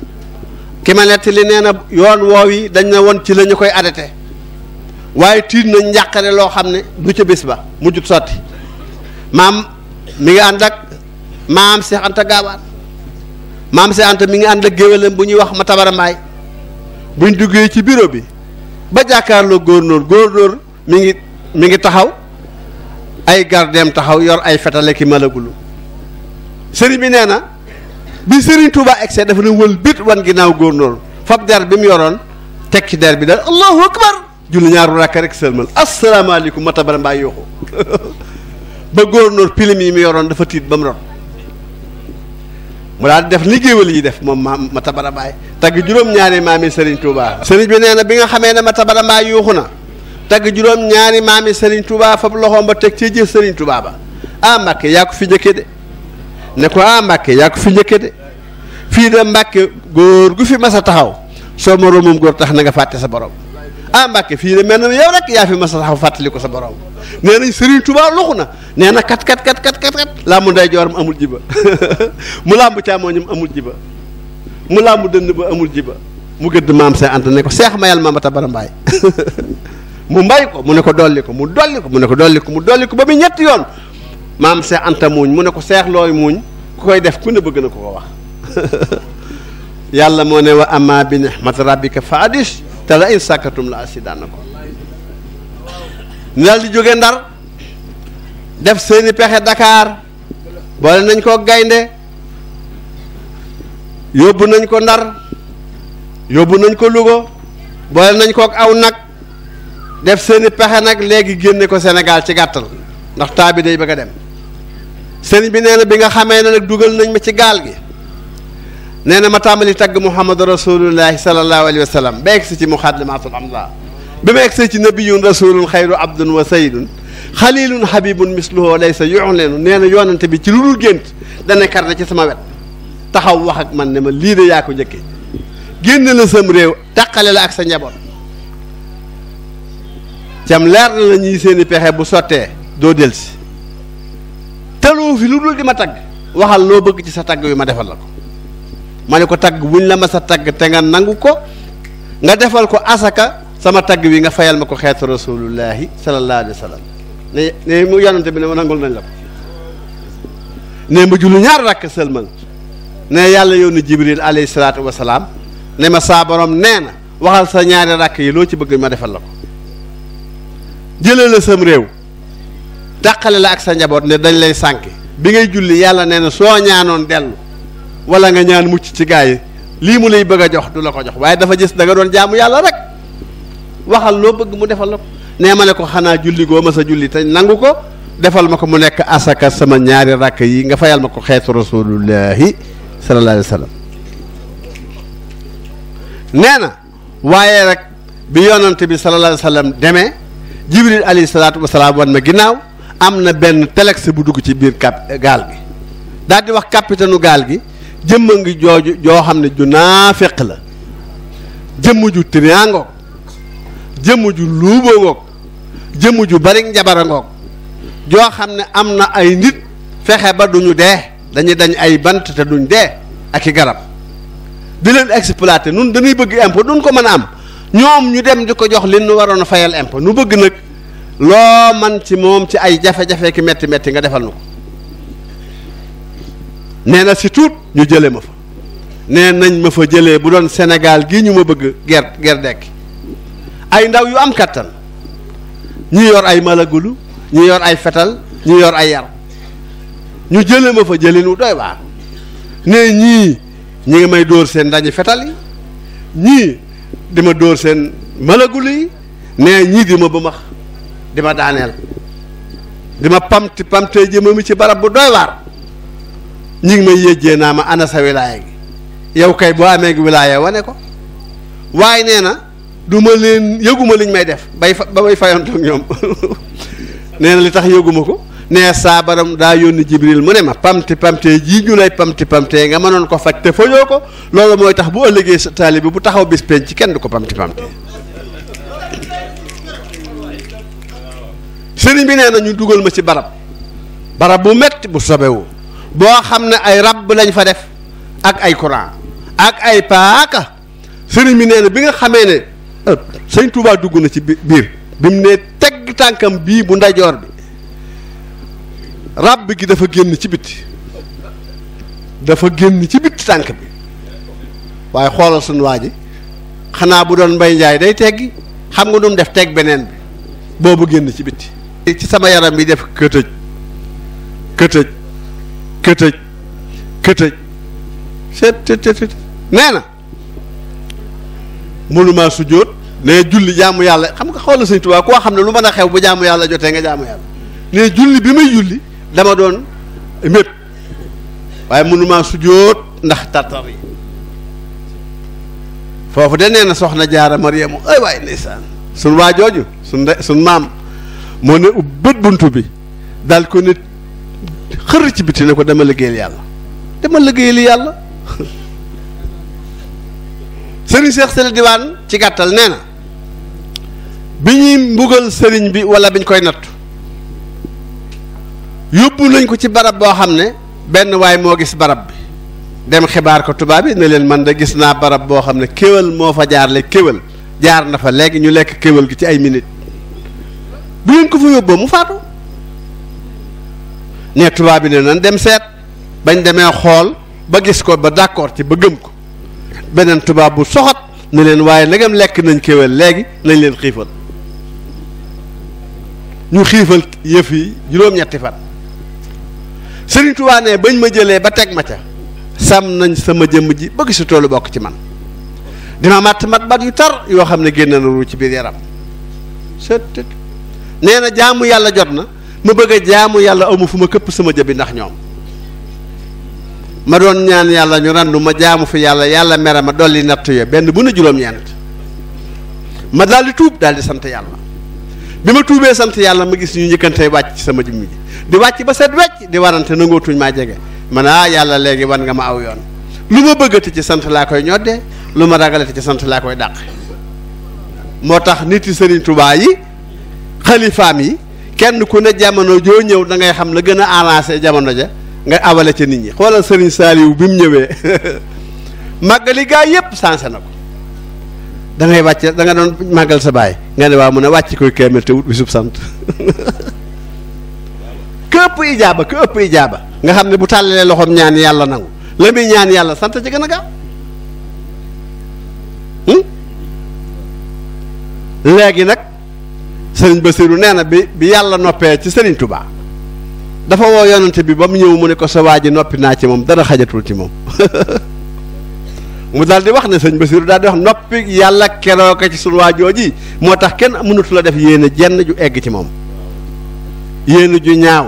ki ma nettali nee na yoon woow yi dañ ne woon ci la koy waaye tiit na njàqare loo xam ne du ca bés ba mujjut sotti maam mi ngi ànd ak maam Cheikh Anta Gaawaan maam Cheikh mi ngi ànd ak géwélam bu ñuy wax ma tabara mbaay buñ duggee ci bureau bi ba jàkkaarloo góor góornóor mi ngi mi ngi taxaw ay gardeem taxaw yor ay fetale ki malagulu sëriñ bi nee na bi sëriñ Touba eggsee dafa na wël bit wan ginnaaw góornóor fab der bi mu yoroon teg ci der bi daal allahu akbar julli ñaaru rakk rek sëlmal asalaamaaleykum matabara mbaay yooxu [LAUGHS] ba góornóor pilim yi mu yoroon dafa tiit ba mu rot mu def ni géwél def moom ma matabara mbaay tagg juróom-ñaari maami Serigne Touba. Serigne bi nee bi nga xamee ne matabara mbaay yooxu na tagg juróom-ñaari maami Serigne Touba fa loxoom ba teg ci jël Serigne Touba ba ah Mbàkke fi njëkke de ne ko ah Mbàkke yaa fi njëkke de fii de Mbàkke góor gu fi mas a taxaw soo ma romum góor tax na nga fàtte sa borom ah Mbàkke fii de mel na yow rek yaa fi mas a taxaw fàttali ko sa borom nee nañ Serigne Touba loxu na nee na kat kat kat kat kat kat làmb ndey jooram amul jiba [LAUGHS] mu làmb càmmooñam amul jiba mu làmb dënd ba amul jiba mu gëdd maam say ant ne ko seex mayal ma mata bara mbaay [LAUGHS] mu mbay ko mu ne ko dolli ko mu dolli ko mu ne ko dolli ko mu dolli ko ba mu yoon maam say anta muuñ mu ne ko seex looy ku koy def ku ne bëgg na ko ko wax [LAUGHS] yàlla moo ne wa amma bi mat ràbbi fa adis te la in sàkkatum la asidaanakum ñu daal di jóge ndar def seeni pexe dakaar boole nañ ko gaynde yóbbu nañ ko ndar yóbbu nañ ko Louga boole nañ kook aw nag def seeni pexe nag léegi génne ko Sénégal ci gàttal ndax taa bi day bëgg a dem seen bi nee na bi nga xamee ne nag dugal nañ ma ci gaal gi nee na ma tàmbali tagg muhammadu rasulullahi salallahu alayhi wa sallam ba egsi ci muxaddimatul amla bi ma egsi ci nabiyun rasulun xayru abdun wa saydun xalilun habibun misluhu laysa yu'lanu nee na yoonante bi ci lu dul gént dana kar na ci sama wet taxaw wax ak man ne ma lii de yaa ko njëkkee génn la sam réew taqale la ak sa njaboot cam leer na la ñuy seeni pexe bu sottee doo delsi teloo fi lu dul di ma tagg waxal loo bëgg ci sa tagg wi ma defal la ko ma ne ko tagg buñ la ma sa tagg te nga nangu ko nga defal ko asaka sama tagg wi nga fayal ma ko xeetu rasulullahi sallallahu alayhi wa sallam ne ne mu yonante bi ne ma nangul nañ la ko ne ma jullu ñaar rakk sëlmal ne yàlla yónni jibril alayhi salaatu wasalaam ne ma saaboroom nee na waxal sa ñaari ràkk yi loo ci bëgg ma defal la ko jëlee la sam réew dàqale la ak sa njaboot ne dañ lay sànk bi ngay julli yàlla nee na soo ñaanoon dellu wala nga ñaan mucc ci gaa yi lii mu lay bëgg jox du la ko jox waaye dafa gis danga doon jaamu yàlla rek waxal loo bëgg mu defal la ko nee ma ne ko xanaa julli goo ma sa julli te nangu ko defal ma ko mu nekk asaka sama ñaari rakk yi nga fayal ma ko xeetu rasulullahi sallallahu alayhi wa sallam nee na waaye rek bi yonante bi sallallahu alayhi sa sallam deme jibril alayhi salaatu wasalaam wan ma ginnaaw am na benn telex bu dugg ci biir cap gaal wax capitaine gaal gi jëmm ngi jooju joo xam ne ju naa féq la jëmm ju triangoog jëmm ju luuboo ngoog jëm ju bari njabara ngoog joo xam ne am na ay nit fexe ba du ñu dee dañuy dañ ay bant te duñ dee ak i garab di leen exploité nun dañuy bëgg impôt duñ ko mën a am ñoom ñu dem di ko jox li nu waroon a fayal impôt nu bëgg nag loo man ci moom ci ay jafe-jafe ki metti metti nga defal nu ko nee na si tuut ñu jëlee ma fa nee nañ ma fa jëlee bu doon senegaal gii ñu ma bëgg ger ger dekki ay ndaw yu am kattan ñu yor ay malagulu ñu yor ay fetal ñu yor ay yar ñu jële ma fa jëlee nu doy waar nee ñii ñu ngi may dóor seen dañu fetal yi ñii di ma dóor seen malagulu yi nee ñii di ma bëmax di ma daaneel di ma pamti pamtee jëmami ci barab bu doy waar ñi ngi may yéjjee naa ma ana sa wilaaya gi yow kay boo amee wilaaya wane ko waaye nee na du ma leen yëguma liñ may def bay fa ba bay fayantoog ñoom [LAUGHS] nee na li tax yëguma ko nee saa baram daa yónni jibril mu ne ma pamti pamte jii ñu lay pamti pamte nga mënoon ko faj te fajoo ko loolu mooy tax bu ëllëgee sa taalibe bu taxaw bis penc ci kenn du ko pamti pamte sëriñ bi nee na ñu dugal ma ci barab barab bu metti bu sobewu boo xam ne ay rab lañ fa def ak ay Quran ak ay paaka sëriñ bi nee na bi nga xamee ne euh, sëñ Touba dugg na ci biir bi mu ne tegg tànkam bii bu ndajoor bi rab gi dafa génn ci bitti dafa génn ci bitti tànk bi waaye xoolal suñu waa ji xanaa bu doon mbay njaay day teggi xam nga dum def teg beneen bi boobu génn ci bitti ci sama yaram bi def këtëj këtëj këtëj këtëj seet nee na mënumaa sujjóot ne julli jaamu yàlla xam nga xoolal sëñ Tuubaa koo xam ne lu mën a xew bu jaamu yàlla jotee nga jaamu yàlla ne julli bi may julli dama doon mépp waaye mënumaa sujjóot ndax tartar yi foofu de nee na soxna jaara Mariyamu ay waay ndeysaan sun waa sun de sun maam moo ne ubbët bunt bi dal ko nit xër ci biti ne ko dama liggéeyal yàlla dama liggéeyal yàlla sëriñ Cheikh Sall diwaan ci gàttal nee na bi ñuy mbugal sëriñ bi wala bi ñu koy natt yóbbu nañ ko ci barab boo xam ne benn waay moo gis barab bi dem xibaar ko tubaab yi ne leen man de gis naa barab boo xam ne kéwél moo fa jaarle kéwél jaar na fa léegi ñu lekk kéwél gi ci ay minit bu ngeen ko fa yóbboo mu faatu. ne tubaab bi ne nan dem seet bañ demee xool ba gis ko ba d'accord ci ba ko beneen tubaab bu soxat ne leen waaye ndegam lekk nañ kéwél léegi nañ leen xiifal ñu xiifal yëf yi juróom-ñetti fan Sëriñ Tuubaa ne bañ ma jëlee ba teg ma ca sàmm nañ sama jëmm ji ba gisu toolu bokk ci man dina matt mat bat yu tar yoo xam ne génn na ru ci biir yaram sëtt nee na jaamu yàlla jot na ma bëgg jaamu yàlla amu fu ma këpp sama bi ndax ñoom ma doon ñaan yàlla ñu randu ma jaamu fi yàlla yàlla mere ma dolli natt yo benn bu na juróom-ñeent ma daal di tuub daal di sant yàlla bi ma tuubee sant yàlla ma gis ñu njëkkante wàcc ci sama jëmm ji di wàcc ba set wecc di warante nangootuñ maa jege man a ah, yàlla léegi wan nga ma aw yoon lu ma bëggati ci sant laa koy ñoddee lu ma ragalati ci sant laa koy dàq moo tax nit yi Sëriñ Tuubaa yi xalifaam yi kenn ku ne jamono joo ñëw da ngay xam la gën a arrangé jamono ja nga awale ca nit ñi xoolal sëriñ Saliou bi mu ñëwee [LAUGHS] màggali gaa yëpp sance na ko da wàcce da nga doon màggal sa baay nga ne waa mu ne wàcc koy kéemel te wut bisub sant [LAUGHS] ku ëpp ijaaba ku ëpp ijaaba nga xam ne bu tàllalee loxoom ñaan yàlla nangu la muy ñaan yàlla sant ci gën a gaaw hmm? léegi nag sëriñ Basiru nee na bi bi yàlla noppee ci sëriñ tubaa dafa woo yonante bi ba ñëw mu ne ko sa waa ji noppi naa ci moom dara xajatul ci moom [LAUGHS] mu daal di wax ne sëñ Basiru daal di wax noppi yàlla keroo ko ci sunu waa jooji moo tax kenn mënatu la def yéene jenn ju egg ci moom yéene ju ñaaw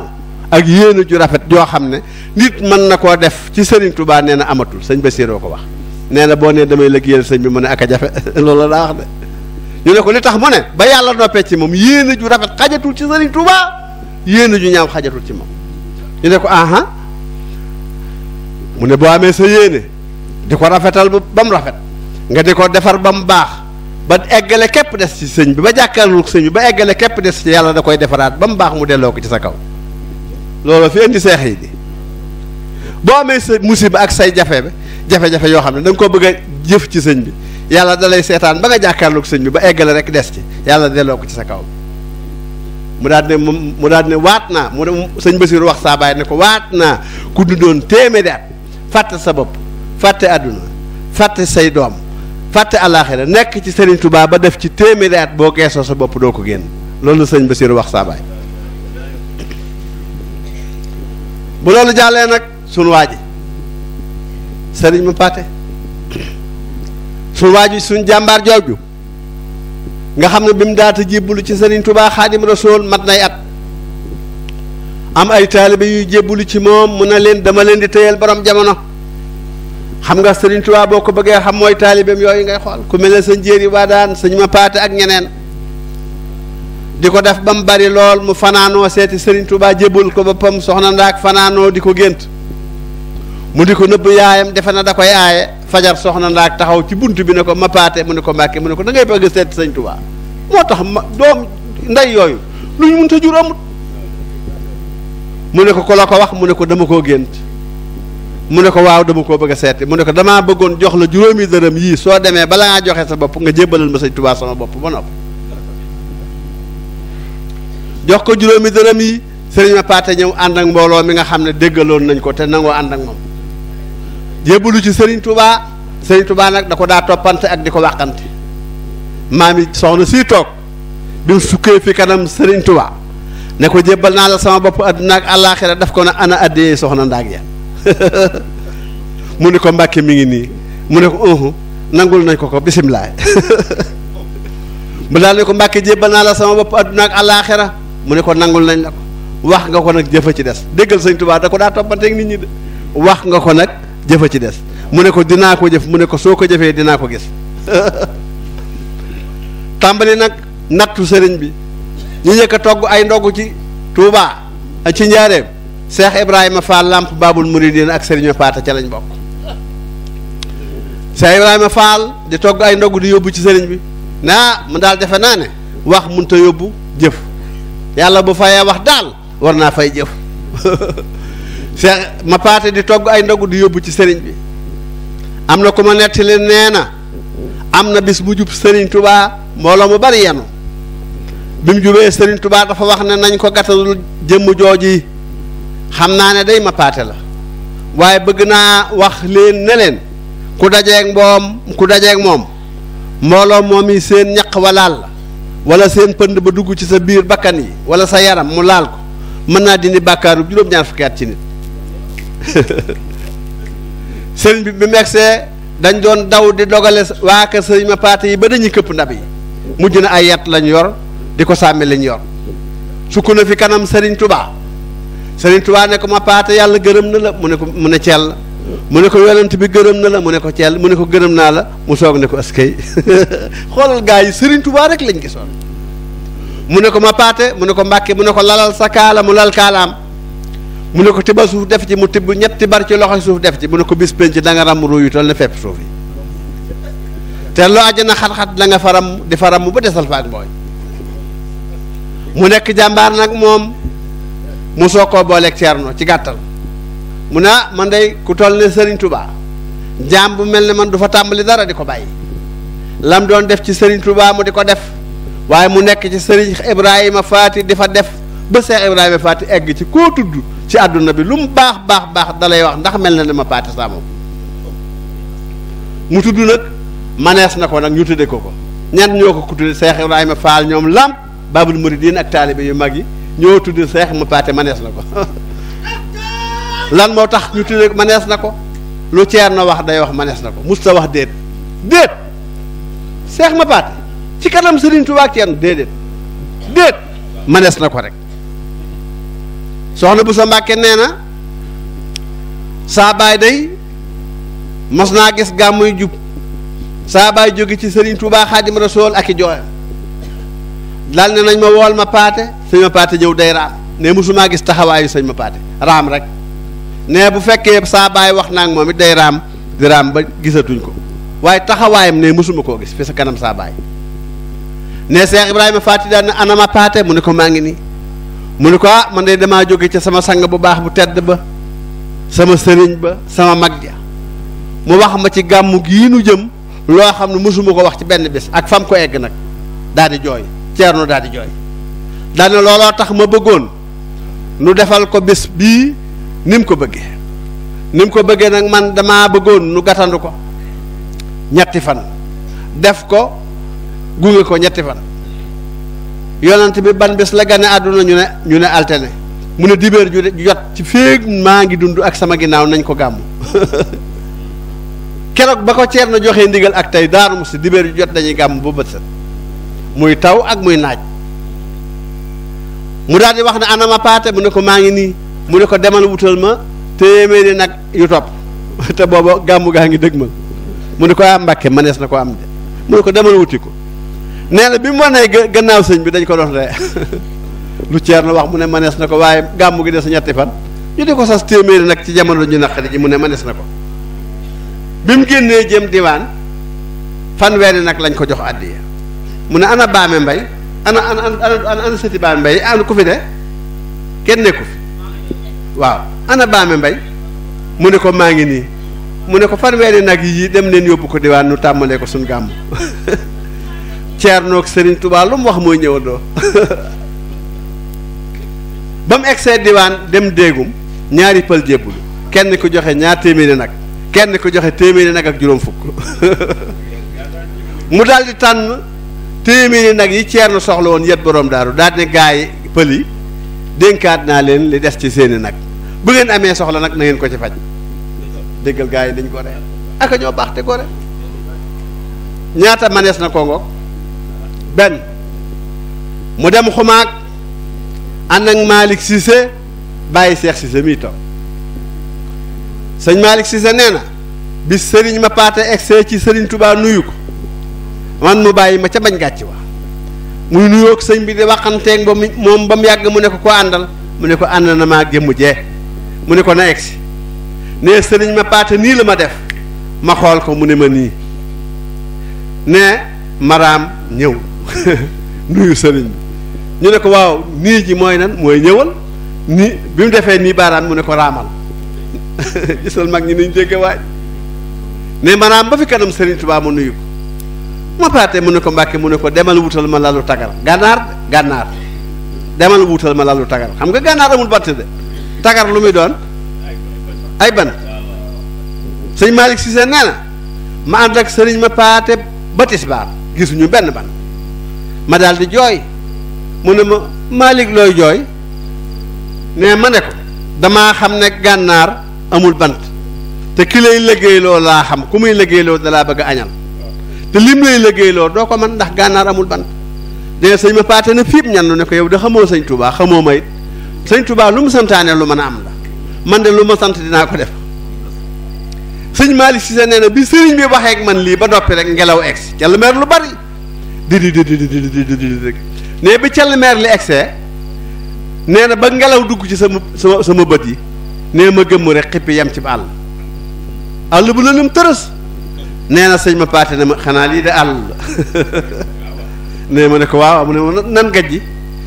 ak yéene ju rafet joo xam ne nit mën na koo def ci sëriñ tubaa nee na amatul sëñ Basiroo ko wax nee na boo nee damay liggéeyal sëñ bi mu ne ak jafe [LAUGHS] loolu daa wax de ñu ne ko li tax mu ne ba yàlla noppee ci moom yéene ju rafet xajatul ci Sëriñ Tuubaa yéene ju ñaaw xajatul ci moom ñu ne ko aha mu ne boo amee sa yéene di ko rafetal ba mu rafet nga di ko defar ba mu baax ba eggale képp des ci sëñ bi ba jàkkaarloog sëñ bi ba eggale képp des ci yàlla da koy defaraat ba mu baax mu delloo ko ci sa kaw loolu fi indi seex yi di boo amee sa musiba ak say jafe-jafe yoo xam ne da nga ko bëgg jëf ci sëñ bi yàlla da seetaan ba nga jàkkaarloog sëñ bi ba eggale rek des ci yàlla delloo ko ci sa kaw mu daal ne moom mu daal ne waat naa mu ne sëñ Basiru wax saa baay ne ko waat naa ku du doon téeméeri at fàtte sa bopp fàtte àdduna fàtte say doom fàtte àllaaxira nekk ci Sëriñ tubaab ba def ci téeméeri at boo geesoo sa bopp doo ko génn loolu la sëñ Basiru wax saa baay bu loolu jàllee nag sunu waa ji sëriñ mu pàtte suñu waaju suñ jàmbaar jooju nga xam ne bi mu daata jébbalu ci sëriñ tubaa xaadim rasool mat nay at am ay taalibe yuy jébbalu ci moom mu ne leen dama leen di téyal borom jamono xam nga sëriñ tubaa boo ko bëggee xam mooy taalibeem yooyu ngay xool ku mel ne sëñ jéeri waa daan sëñ ma paate ak ñeneen di ko def ba mu bari lool mu fanaanoo seeti sëriñ tubaa jébbal ko boppam soxna ndaak fanaanoo di ko gént mu ni ko nëbb yaayam defe na da koy aaye fajar soxna ndaak taxaw ci bunt bi ne ko ma paate mu ne ko mbàkke mu ne ko dangay ngay bëgg seet sëñ Tuubaa moo tax ma doom ndey yooyu lu ñu mënta jur amut mu ne ko ko la ko wax mu ne ko dama koo génn mu ne ko waaw dama koo bëgg a mu ne ko damaa bëggoon jox la juróomi dërëm yii soo demee balaa ngaa joxe sa bopp nga jébbalal ma sëñ Tuubaa sama bopp ba nopp jox ko juróomi dërëm yi sëriñ ma paate ñëw ànd ak mbooloo mi nga xam ne déggaloon nañ ko te nangoo ànd ak moom jébbalu ci sëriñ Touba Serigne Touba nag da ko daa toppante ak di ko wàqante maam yi soxna si toog bi mu kanam Serigne Touba ne ko jébbal naa la sama bopp àdduna ak àllaaxira daf ko ne ana soxna ndaag ya [LAUGHS] ko Mbàkke mi ngi nii mu ne ko uhu nangul nañ ko ko bisimilah [LAUGHS] mu daal ne ko Mbàkke naa la sama bopp àdduna ak mu ne ko nangul nañ la wax nga ko nag jëfa ci des déggal Serigne tubaa da ko daa toppante ak nit ñi de wax nga ko nag. jëf a ci des mu ne ko dinaa ko jëf mu ne ko soo ko jëfee dina ko gis [LAUGHS] tàmbali nag nattu sëriñ bi ñu njëkk a togg ay ndogg ci Touba ak ci njaareem Cheikh Ibrahima Fall Lamp baabul Mouridine ak Serigne Paata ca lañ bokk Cheikh Ibrahima Fall di togg ay ndogg di yóbbu ci sëriñ bi naa mu daal defe naa ne wax mënut a yóbbu jëf yàlla bu fayee wax daal war naa fay jëf [LAUGHS] Cheikh ma paate di togg ay ndogu di yóbbu ci sëriñ bi am na ku ma nettali nee na am na bis bu jub sëriñ tubaa mbooloo mu bari yenu bi mu jubee sëriñ tubaa dafa wax ne nañ ko gàttalul jëmm jooji xam naa ne day ma paate la waaye bëgg naa wax leen ne ku dajeeg mboom ku dajeeg moom mbooloo moom yi seen ñaq walaal la wala seen pënd ba dugg ci sa biir bakkan yi wala sa yaram mu laal ko mën naa dindi bàkkaaru juróom-ñaar fukki at ci nit [LAUGHS] sëñ bi bi megsee dañ doon daw di dogale waa ka sëñ ma paate yi ba dañuy këpp ndab yi mujj na ay yat lañ yor di ko sàmmi lañ yor sukk na fi kanam sëriñ tubaa sëriñ tubaa ne ko ma paate yàlla gërëm na la mu ne ko mu ne ceel mu ne ko yonent bi gërëm na la mu ne ko ceel mu ne ko gërëm naa la mu soog ne ko askay [LAUGHS] xoolal gaa yi sëriñ tubaa rek lañ gisoon mu ne ko ma paate mu ne ko mbàkke mu ne ko lalal sa kaala mu lal kaalaam mu ne ko tibbal suuf def ci mu tibb ñetti bar ci loxo suuf def ci mu ne ko bis penc da nga ram ruyu toll na fepp suuf yi te loo àjjana xat-xat da nga faram di faram ba desal fa ak mbooy mu nekk jàmbaar nag moom mu soo koo booleeg ceerno ci gàttal mu ne ah, man day ku toll ne Serigne Touba jaam bu mel ne man du fa tàmbali dara di ko bàyyi lam doon def ci Serigne tubaa mu di ko def waaye mu nekk ci Serigne Ibrahima Faati di fa def ba Cheikh Ibrahima Faty egg ci koo tudd ci àdduna bi lu mu baax baax baax dalay wax ndax mel na ne ma Faty Samb mu tudd nag manees na ko nag ñu tudde ko ko ñan ñoo ko ku tudde Cheikh Ibrahima Fall ñoom làmp Babul Mouridine ak taalibe yu mag yi ñoo tudd seex ma Faty manees na ko [LAUGHS] lan moo tax ñu tudde manees na ko lu ceer na wax day wax manees na ko sa wax déet déet Cheikh ma Faty ci kanam Serigne Touba ak Thierno déedéet déet manees na ko rek soxna bu sa Mbàkke nee na saa baay day mos naa gis gàmmuy jub saa baay jóge ci Serigne Touba Xaadim Rasool ak i jooya dal ne nañ ma wool ma paate sëñ ma paate ñëw day raam ne mosumaa gis taxawaayu sëñ ma paate raam rek ne bu fekkee saa baay wax naa moom it day raam di raam ba gisatuñ ko waaye taxawaayam ne mosuma koo gis fi sa kanam saa baay ne Cheikh Ibrahima Fati daan ana ma paate mu ne ko maa ngi nii mu ne ko ah man de damaa jóge ca sama sang bu baax bu tedd ba sama sëriñ ba sama mag ja mu wax ma ci gàmmu gii nu jëm loo xam ne mosuma ko wax ci benn bés ak fam ko egg nag daal di jooy ceerno daal di jooy daal ne looloo tax ma bëggoon nu defal ko bés bii ni mu ko bëggee ni mu ko bëggee nag man damaa bëggoon nu gàttandu ko ñetti fan def ko gunge ko ñetti fan yonent bi ban bes la gane aduna ñu ne ñu ne alterné mu ne diber ju jot ci feeg maa ngi dund ak sama ginaaw nañ ko gam kérok bako ko joxe ndigal ak tay daaru musi diber ju jot dañuy gam bu bët muy taw ak muy naaj mu daldi wax na anama paate mu ne ko maa ngi mu ne ko demal wutal ma téeméeri nak yu top [LAUGHS] te bobo gamu gaangi ngi mu ne ko ah mbàkke manes nako am de mu ne ko demal wutiko nee na bi mu wanee gannaaw sëñ bi dañ ko doon ree [LAUGHS] lu ceer na wax mu ne manees na ko waaye gàmmu gi des ñetti fan ñu di ko sas téeméeri nag ci jamono ñu naqari ji mu ne manees na ko bi mu génnee jëm diwaan fanweeri nag lañ ko jox àddiya mu ne ana baame mbay ana ana ana ana sëti baame mbay ana ku fi de kenn nekku fi waaw ana baame mbay mu ne ko maa ngi nii mu ne ko fanweeri nag yi dem leen yóbbu ko diwaan nu tàmmalee ko suñ gàmm [LAUGHS] Ceerno ak Serigne Touba lu mu wax mooy ñëwandoo [LAUGHS] ba mu egsee diwaan dem déegum ñaari pël jébbulu kenn ku joxe ñaar téeméeri nag kenn ku joxe téeméeri nag ak juróom fukk [LAUGHS] mu daal tànn téeméeri nag yi na soxla woon yet borom daaru daal ne gaa yi pël yi dénkaat naa leen li des ci seeni nag bu ngeen amee soxla nag na ngeen ko ci faj déggal gaa yi dañ ko re aka ñoo baax te gore ñaata manees na ko ngoog benn mu dem xumaag ànd ak Malick Cissé bàyyi Cheikh Cissé mii toog sëñ Malick Cissé nee na bi sëriñ ma paate egsee ci sëriñ Touba nuyu ko man mu bàyyi ma ca bañ gàcc wa muy nuyoog sëñ bi di waxanteeg ba mu moom ba mu yàgg mu ne ko ko àndal mu ne ko ànd na maa jëmm jee mu ne ko na egsi ne sëriñ ma paate nii la ma def ma xool ko mu ne ma nii ne maraam ñëw [LAUGHS] nuyu sëriñ bi ñu ne ko waaw nii ji mooy nan mooy ñëwal nii bi mu defee nii baaraam mu ne ko raamal [LAUGHS] gisal mag ñi niñ dégg waaj ne maanaam ba fi kanam sëriñ Tuubaa mu nuyu ko ma paatee mu ne ko mbàkke mu ne ko demal wutal ma lalu tagal gànnaar gànnaar demal wutal ma lalu tagal xam nga gànnaar amul bant de tagar lu muy doon ay ban sëñ Malick Cissé nee na ma ànd ak sëriñ ma paate ba tisbaar gisuñu benn ban ma daal di jooy mu ne ma Malick looy jooy ne ma ne ko damaa xam ne gànnaar amul bant te ki lay liggéeyloo laa xam ku muy liggéeyloo dalaa bëgg a añal te lim lay liggéeyloo doo ko mën ndax gànnaar amul bant dene sëñ ma paate na fiib ñandu ne ko yow da xamoo sëñ Touba xamoo ma it sëñ Touba lu mu santaane lu mën a am la man de lu ma sant dinaa ko def sëñ Malick Cissé nee na bi sëriñ bi waxee ak man lii ba noppi rek ngelaw egsi si lu lu bari didi ne bi mer li excès neena ba ngelaw dugg ci sama sama sama ne ma gëm rek yam ci àll àll bu lëndëm tërës neena sëñ ma na ma xanaa de ne ma ne ko waaw mu ne nan gajji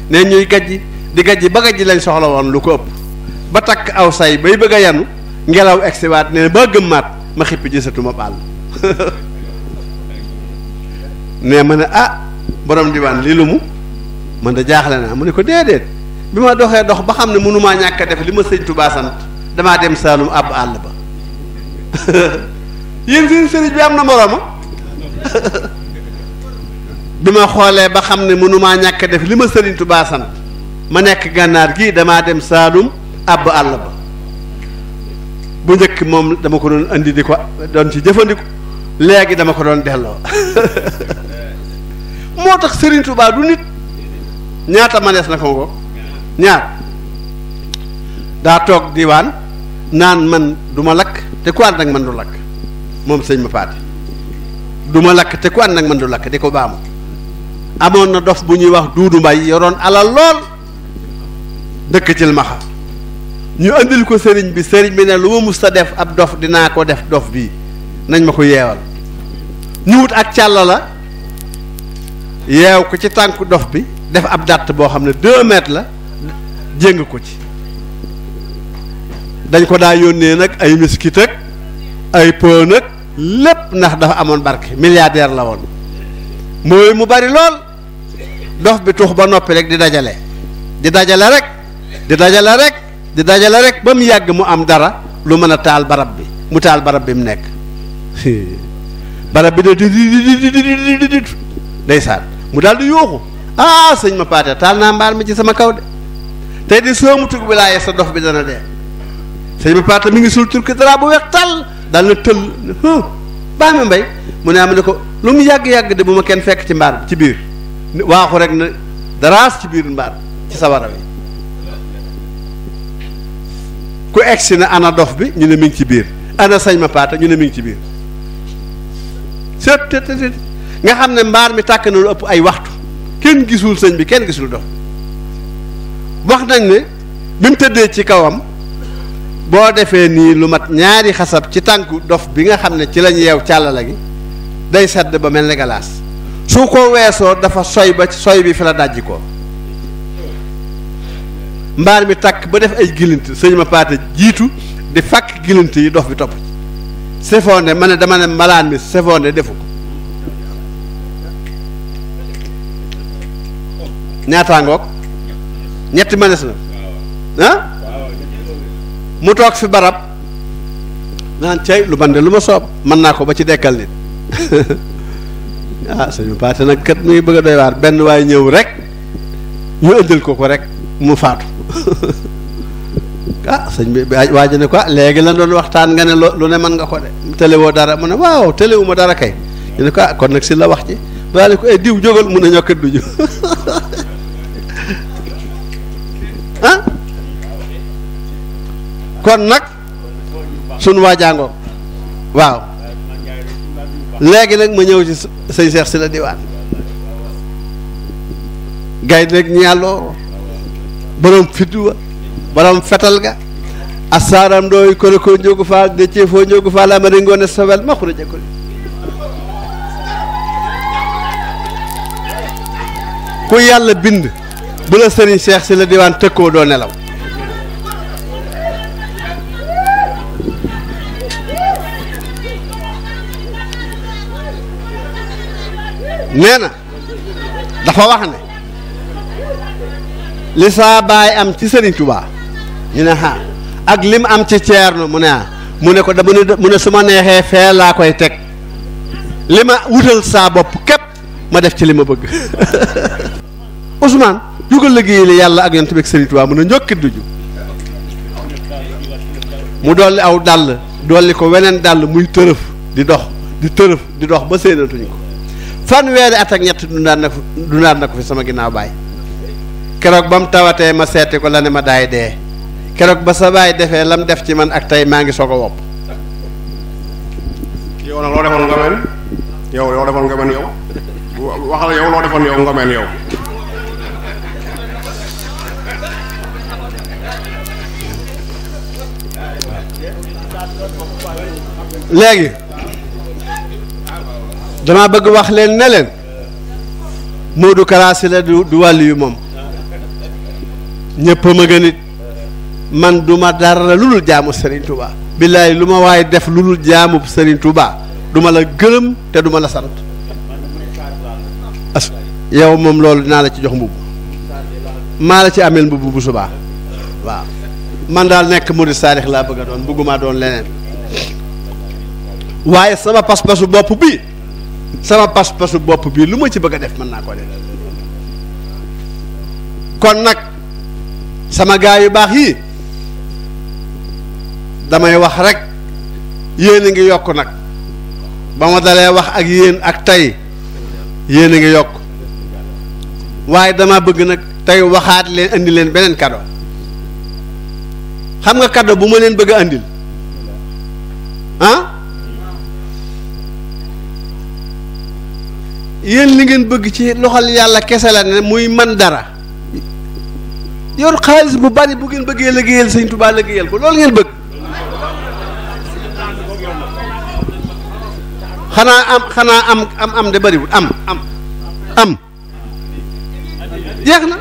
ne ñuy gajji di gajji ba gajji lañ soxla woon lu ko ëpp ba takk aw say bay bëgg yanu ngelaw egsi waat ne ba gëmmaat ma mais ma ne ah borom diwaan lii lu mu man da jaaxle naa mu ne ko déedéet bi ma doxee dox ba xam ne mënumaa ñàkk a def li ma sëñ Tuubaa damaa dem Saalum àbb àll ba [LAUGHS] yéen seen am na morooma [LAUGHS] bi ma xoolee ba xam ne mënumaa ñàkk def li ma sëriñ Tuubaa ma nekk gànnaar gii damaa dem Saalum àbb àll ba bu njëkk moom dama ko doon indi di ko doon ci jëfandiku léegi dama ko doon delloo [LAUGHS] moo tax Serigne Touba du nit ñaata manees na ko ko ñaar daa toog diwaan naan man duma lakk te ku ànd ak man du lakk moom sëñ ma faati du lakk te ku ànd ak man du lakk di ko baamu amoon na dof bu ñuy wax duudu mbay yoroon alal lool dëkk ci maxa ñu andil ko sëriñ bi sëriñ bi ne lu ma mus a def ab dof dinaa ko def dof bii nañ ma ko yeewal ñu wut ak càlla la yeew ko ci tànku dof bi def ab dàtt boo xam ne deux la jéng ko ci dañ ko daa yónnee nag ay miskit ay po lépp ndax dafa amoon barke milliardaire la woon mooy mu bari lool dof bi tuux ba noppi rek di dajale di dajale rek di dajale rek di dajale rek ba mu yàgg mu am dara lu mën a taal barab bi mu taal barab bi mu nekk barab bi de di di di di di di ndeysaan mu daal di yooxu ah sëñ ma paate taal naa mbaal mi ci sama kaw de tey di soomutuk wilaaye sa dof bi dana dee sëñ ma paate mi ngi sul turki dara bu weex tal daal na tëll baax ma mbay mu ne am ne ko lu mu yàgg-yàgg de bu ma kenn fekk ci mbaar ci biir waaxu rek na daraas ci biir mbaar ci sawara bi ku egsi na ana dof bi ñu ne mi ngi ci biir ana sëñ ma paate ñu ne mi ngi ci biir nga xam ne mbaar mi tàkk na lu ëpp ay waxtu kenn gisul sëñ bi kenn gisul dox wax nañ ne bi mu tëddee ci kawam boo defee nii lu mat ñaari xasab ci tànku dof bi nga xam ne ci lañ yeew càllala gi day sedd ba mel ni galaas su ko weesoo dafa soy ba soy bi fi la dajji ko mbaar mi tàkk ba def ay gilint sëñ ma paate jiitu di fàkk gilint yi dof bi topp ci sefonde ma ne dama ne malaan mi sefonde defu ko ñaataangoog ñetti mënees na mu toog fi barab naan cay lu man de lu ma soob mën naa ko ba ci dekkal nit [LAUGHS] ah suñu paate nag kat muy bëgg a doy waar benn waay ñëw rek ñu ëndal ko ko rek mu faatu [LAUGHS] ah sëñ bi waaj ne ko ah, léegi la doon waxtaan nga ne lu ne mën nga ko de téléwoo dara mu ne waaw téléwuma dara kay ñu ne ko ah kon nag si la wax ji mu daal ne ko ay eh, diw jógal mun a ñokkat duñu [LAUGHS] kon nag sunu waa jàngoo waaw léegi nag ma ñëw ci sëñ si la diwaan gay nag ñàlloo borom fituwa borom fetal ga a saram ɗo kono ko jogu fal dece fo jogu fal amari gone sowel makkude jakkude ku yàlla bind bu la sëriñ Cheikh si la diwaan tëkkoo doo nelaw nena dafa wax ne li am ci serigne touba ñu ne ha ak lim am ci tierno mu ne mu ne ko da mu ne su udul neexee fee koy tek lima wutal sa bop kep ma def ci lima bëgg Ousmane jugal liggéey li yalla ak yonent ak Sëriñ mu ne duju mu doli aw dal doli ko wenen dal muy teureuf di dox di teureuf di dox ba séenatuñ ko fanweeri at ak ñett dundaat na ko fi sama ginnaaw baay keroog ba mu tawatee ma seeti ko la ne ma daay dee keroog ba sa baay defee lam def ci man ak tey maa ngi soog a wopp yow nag loo léegi dama bëgg wax leen ne leen Modou Kara Sylla du du wàllu yu moom ñëpp ma gën it man du ma dara lu dul jaamu Serigne Touba. billaay lu ma waaye def lu dul jaamu Serigne Touba duma la gërëm te du ma la sant as yow moom loolu dinaa la ci jox mbubb maa la ci ameel mbubb bu subaa waaw man daal nekk murid saalix laa bëgg a doon bëgguma doon leneen waaye sama pas-pasu bopp bi. sama pas-pasu bopp bii lu ma ci bëgg a def mën naa koo def kon nag sama gaa yu baax yii damay wax rekk yéen a ngi yokk nag ba ma dalee wax ak yéen ak tey yéen a ngi yokk waaye dama bëgg nag tey waxaat leen indi leen beneen kado xam nga kado bu ma leen bëgg indil yéen li ngeen bëgg ci loxol yàlla kese la ne muy man dara yor xaalis bu bari bu ngeen bëggee liggéeyal sëñ Tuubaa liggéeyal ko loolu ngeen bëgg xanaa am xanaa am am am de bariwul am am jeex na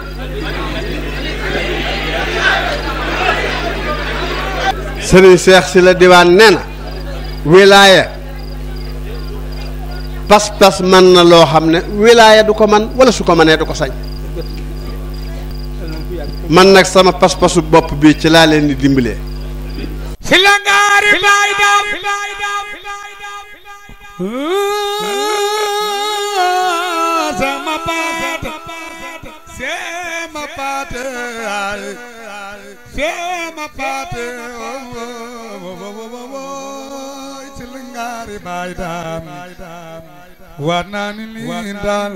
sëriñ Seex si la diwaan nee wilaaya pas pas man na lo xamne wilaya du ko man wala su ko mané du ko sañ man nak sama pas pasu bop bi ci la leen di dimbalee si la ngaari baay daam sama paat sama oh oh oh oh oh oh oh oh ونان لي